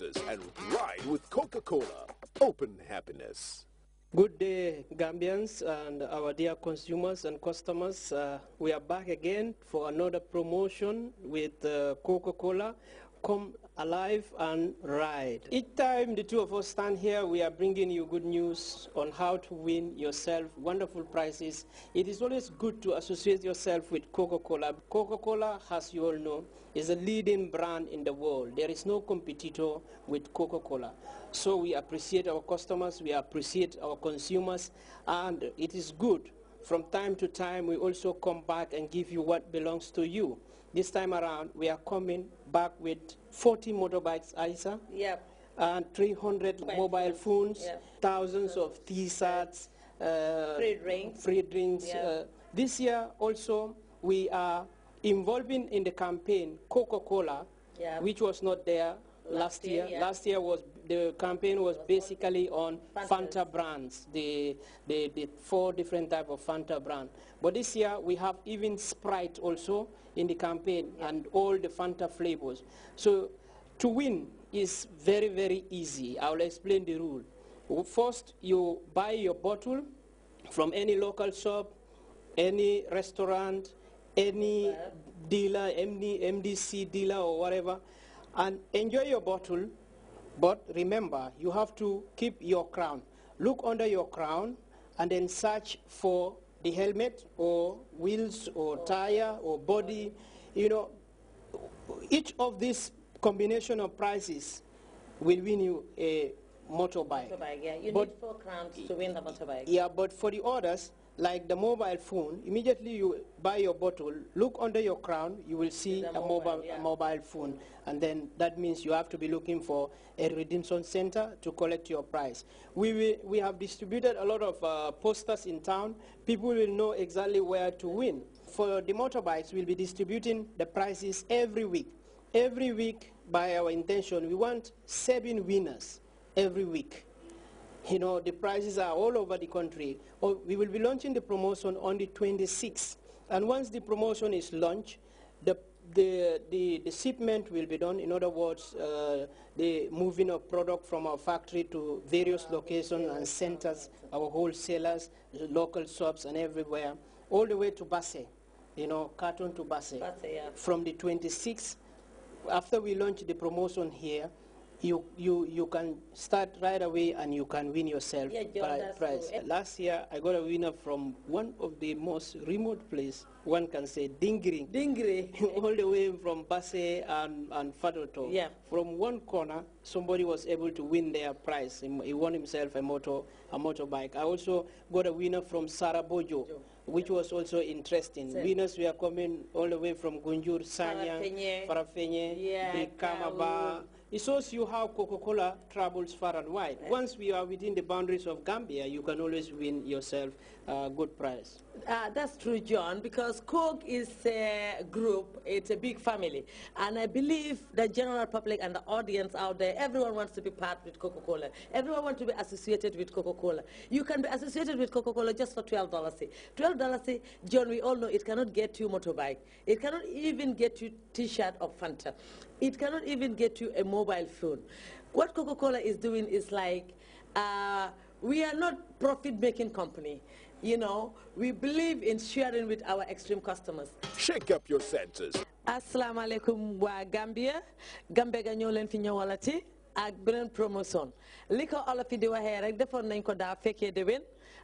and ride with Coca-Cola. Open happiness. Good day, Gambians and our dear consumers and customers. Uh, we are back again for another promotion with uh, Coca-Cola come alive and ride. Each time the two of us stand here, we are bringing you good news on how to win yourself wonderful prizes. It is always good to associate yourself with Coca-Cola. Coca-Cola, as you all know, is a leading brand in the world. There is no competitor with Coca-Cola. So we appreciate our customers, we appreciate our consumers, and it is good from time to time, we also come back and give you what belongs to you. This time around, we are coming back with 40 motorbikes, Isa. Yep. And 300 Mobile, mobile phones, yep. thousands so of T-shirts. Uh, free drinks. Free drinks. Yep. Uh, this year also, we are involving in the campaign Coca-Cola, yep. which was not there last, year. year. Last year was the campaign was, was basically on Fanta, Fanta brands, the, the, the four different type of Fanta brand. But this year we have even Sprite also in the campaign yeah. and all the Fanta flavors. So to win is very very easy. I will explain the rule. First, you buy your bottle from any local shop, any restaurant, any dealer, MD, MDC dealer or whatever, and enjoy your bottle, but remember, you have to keep your crown. Look under your crown and then search for the helmet or wheels or tire or body. You know, each of these combination of prices will win you a motorbike. motorbike yeah. You but need four crowns to win the motorbike. Yeah, but for the others, like the mobile phone, immediately you buy your bottle, look under your crown, you will see a mobile, mobile, yeah. a mobile phone. And then that means you have to be looking for a redemption center to collect your prize. We, we we have distributed a lot of uh, posters in town. People will know exactly where to win. For the motorbikes, we'll be distributing the prizes every week. Every week, by our intention, we want seven winners every week you know, the prices are all over the country. Oh, we will be launching the promotion on the 26th. And once the promotion is launched, the, the, the, the shipment will be done. In other words, uh, the moving of product from our factory to various locations and centers, our wholesalers, local shops and everywhere, all the way to Basse, you know, Carton to Basse. Basse yeah. From the 26th, after we launch the promotion here, you you you can start right away and you can win yourself yeah, John, prize. Last year I got a winner from one of the most remote place. One can say Dingri. Dingri. All the way from Basse and and Fadoto. Yeah. From one corner, somebody was able to win their prize. He won himself a motor a motorbike. I also got a winner from Sarabojo. which was also interesting. Same. we are coming all the way from Gunjur, Sanya, Farafenye, yeah, Kamaba, it shows you how Coca-Cola travels far and wide. Once we are within the boundaries of Gambia, you can always win yourself a uh, good prize. Uh, that's true, John, because Coke is a group, it's a big family. And I believe the general public and the audience out there, everyone wants to be part with Coca-Cola. Everyone wants to be associated with Coca-Cola. You can be associated with Coca-Cola just for $12. $12, John, we all know it cannot get you motorbike. It cannot even get you T-shirt or Fanta. It cannot even get you a mobile phone. What Coca-Cola is doing is like, uh, we are not profit-making company. You know, we believe in sharing with our extreme customers. Shake up your senses. Assalamu alaikum wa Gambia. Gambia ga ñoo leen fi ñëwalati ak beneen promotion. Liko ko olof yi di waxee rek defoon nañ ko daa fekkee déwén.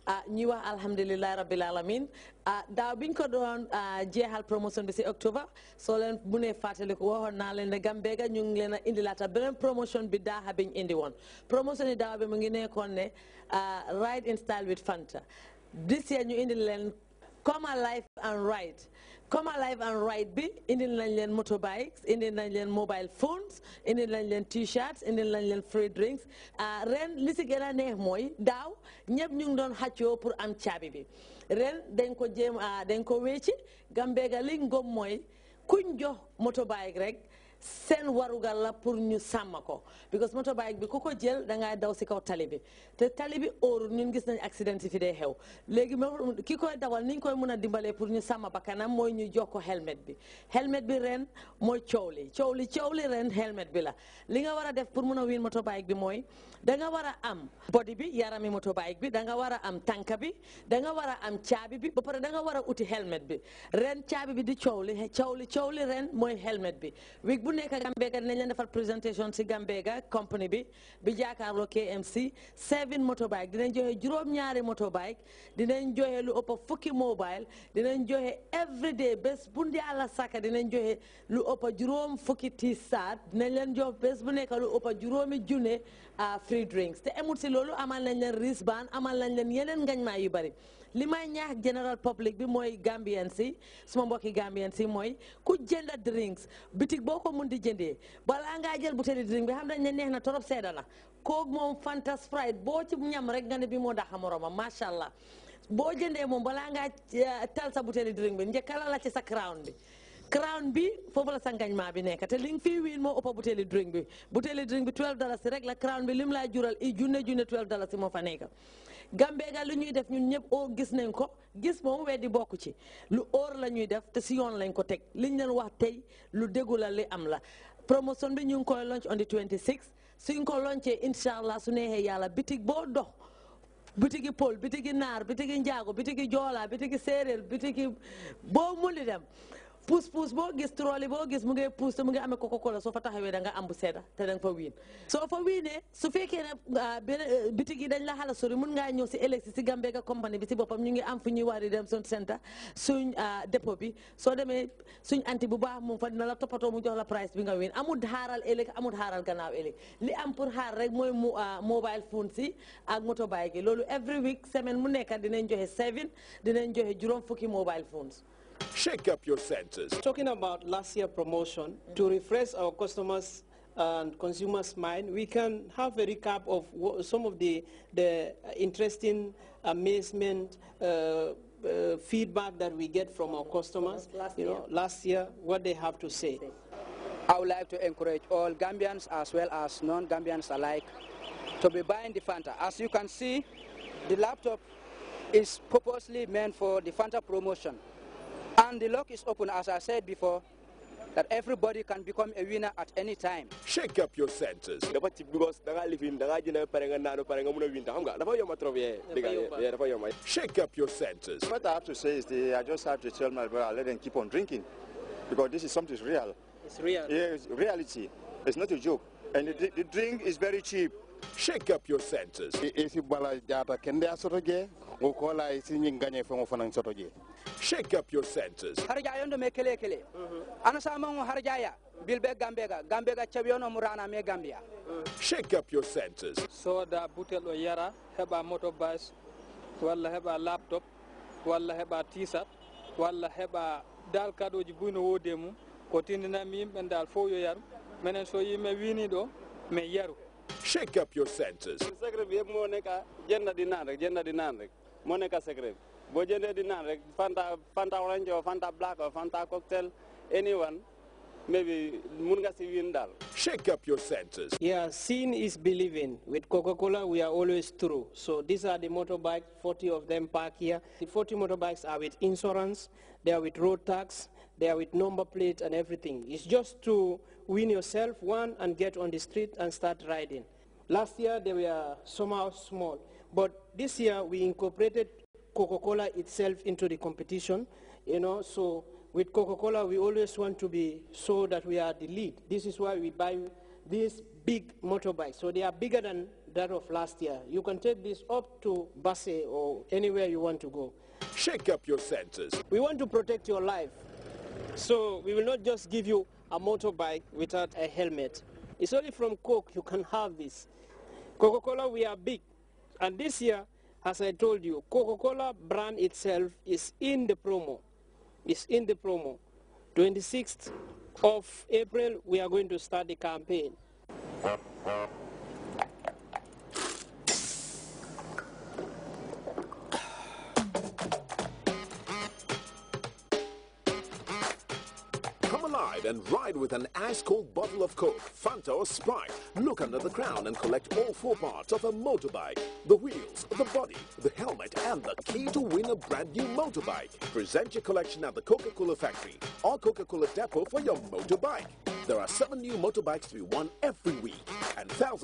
ah ñuy wax alhamdulilah rabbil alamin ah daaw biñ ko doon ah, jeexal promotion bi si octobre soo leen bu nee fàttali ko waxoon naa leen ne Gambega ñu ngi leen a indilaata beneen promotion bi daaxa biñ indi woon promotion yi daaw bi mu ngi nekkoon ne ah, ride in style with Fanta this year ñu indil leen come alive and ride come alive and ride bi indil nañ leen motorbikes indi nañ leen mobile phones indi nañ leen t-shirts indil nañ leen free drinks ah, ren li si gën a neex mooy daaw ñëpp ñu ngi doon xàccoo pour am caabi bi ren dañ ko jéem ah, dañ ko wécci Gambega li ngom mooy kuñ jox motorbike rek seen warugal la pour ñu sàmm ko because motorbike bi ku ko jël da ngay daw si kaw tali bi te tali bi óorul ñun gis nañ accident yi fi dee xew léegi ki koy dawal ni ñu koy mën a dimbale pour ñu sàmm bakkanam mooy ñu jokko ko helmet bi helmet bi ren mooy coow li coow li coow li ren helmet bi la li nga war a def pour mun a win motorbike bi mooy danga nga a am body bi yarami motorbike bi da nga war a am tànka bi da nga war a am caabi bi ba pare da nga war a uti helmet bi ren caabi bi di coow li coow li coow li ren bi nekk Gambega dinañ leen defal présentation si Gambega company bi bi jàkkaarloo KMC seven motorbike dinañ joxe juróom-ñaari motorbike dinañ joxe lu ëpp fukki mobile dinañ joxe everyday bés bu ndi àlla sàkka dinañ joxe lu ëpp juróom fukki tii saat dinañ leen jox bés bu nekk lu ëpp juróomi junne ah, free drinks te emut si loolu amal nañ leen wristband amal nañ leen yeneen ngañ maa yu bari li may ñaax general public bi mooy Gambien si suma mbokki Gambien si mooy ku jënda drinks bitig boo ko mun di jëndee balaa ngaa jël butéeli drink bi xam nañ ne neex na torop sedda la kook moom Fanta Sprite boo ci ñam rek nga ne bi moo daxa moroomam macha allah boo jëndee moom balaa ngaa eh, tal sa butéeli drink bi njëkkala la ci sa crown bi crown bi foofu la sa ngañmaa bi nekk te li nga fii wiin moo ëppa butéeli drink bi butéeli drink bi 12 dalasi rek la crown i moo fa nekk Gambega lu ñuy def ñun ñëpp oo oh, gis nañ ko gis moom di bokku ci lu oor la ñuy def te si yoon lañ ko teg liñ leen wax tey lu déggu la li am la promotion bi ñu ngi koy launch on the 26 suñ ko launchee incha allah su neexee yàlla bitig boo dox bitigi pël bitigi naar bitigi njaago bitigi joolaa bitigi séeréer bitigi boo muli dem puus puus boo gis trooli boo gis mu ngi puus te mu ngi amee coca cola soo fa taxawee da nga am bu sedda te da nga fa wiin soo fa wiinee su fekkee ne ah, benn eh, bitig dañ la xala sori mun ngaa ñëw si éleksi si Gambega compagnie bi si boppam ñu ngi am fu ñuy war di dem suñ centre ah, suñ dépôt bi soo demee suñ anti bu baax moom fa dina la toppatoo mu jox la price bi nga wiin amul xaaral éleg amul xaaral gannaaw éleg li am pour xaar rek mooy mu ah, mobile phone si ak motorbike gi loolu every week semaine mu nekkat dinañ joxe seven dinañ joxe juróom fukki mobile phones Shake up your senses. Talking about last year promotion, to refresh our customers and consumers' mind, we can have a recap of some of the, the interesting amazement uh, uh, feedback that we get from our customers, last you know, year. last year, what they have to say. I would like to encourage all Gambians as well as non-Gambians alike to be buying the Fanta. As you can see, the laptop is purposely meant for the Fanta promotion. And the lock is open, as I said before, that everybody can become a winner at any time. Shake up your senses. Shake up your senses. What I have to say is the, I just have to tell my brother let him keep on drinking because this is something real. It's real. Yeah, it's reality. It's not a joke. And the, the drink is very cheap. Shake up your senses. Shake up your senses. Harjaya ndo mekele kele. Mhm. Ana sama ngo harjaya bilbe gambega gambega chabiono murana me gambia. Shake up your senses. So da butel o yara heba moto bus walla heba laptop walla heba t-shirt walla heba dal kadoji buyno wode mum ko tindinami yimɓe dal fof yo yaru minen so yimɓe wini ɗo min yaru Shake up your senses. Secretary bi yëpp moo nekk ah jënd di naan rek jënd di naan rek. moo secret bi boo di naan rek fanta fanta orange or fanta black or fanta cocktail anyone maybe mun nga Shake up your senses. Yeah, seeing is believing. With Coca-Cola, we are always true. So these are the motorbikes, 40 of them parked here. The 40 motorbikes are with insurance, they are with road tax, they are with number plate and everything. It's just to win yourself one and get on the street and start riding. Last year they were somehow small, but this year we incorporated Coca-Cola itself into the competition, you know, so with Coca-Cola we always want to be so that we are the lead. This is why we buy these big motorbikes. So they are bigger than that of last year. You can take this up to Basse or anywhere you want to go. Shake up your senses. We want to protect your life. So we will not just give you a motorbike without a helmet. It's only from Coke you can have this. Coca-Cola, we are big. And this year, as I told you, Coca-Cola brand itself is in the promo. It's in the promo. 26th of April, we are going to start the campaign. ride and ride with an ice-cold bottle of Coke, Fanta or Sprite. Look under the crown and collect all four parts of a motorbike. The wheels, the body, the helmet and the key to win a brand new motorbike. Present your collection at the Coca-Cola factory or Coca-Cola depot for your motorbike. There are seven new motorbikes to be won every week and thousands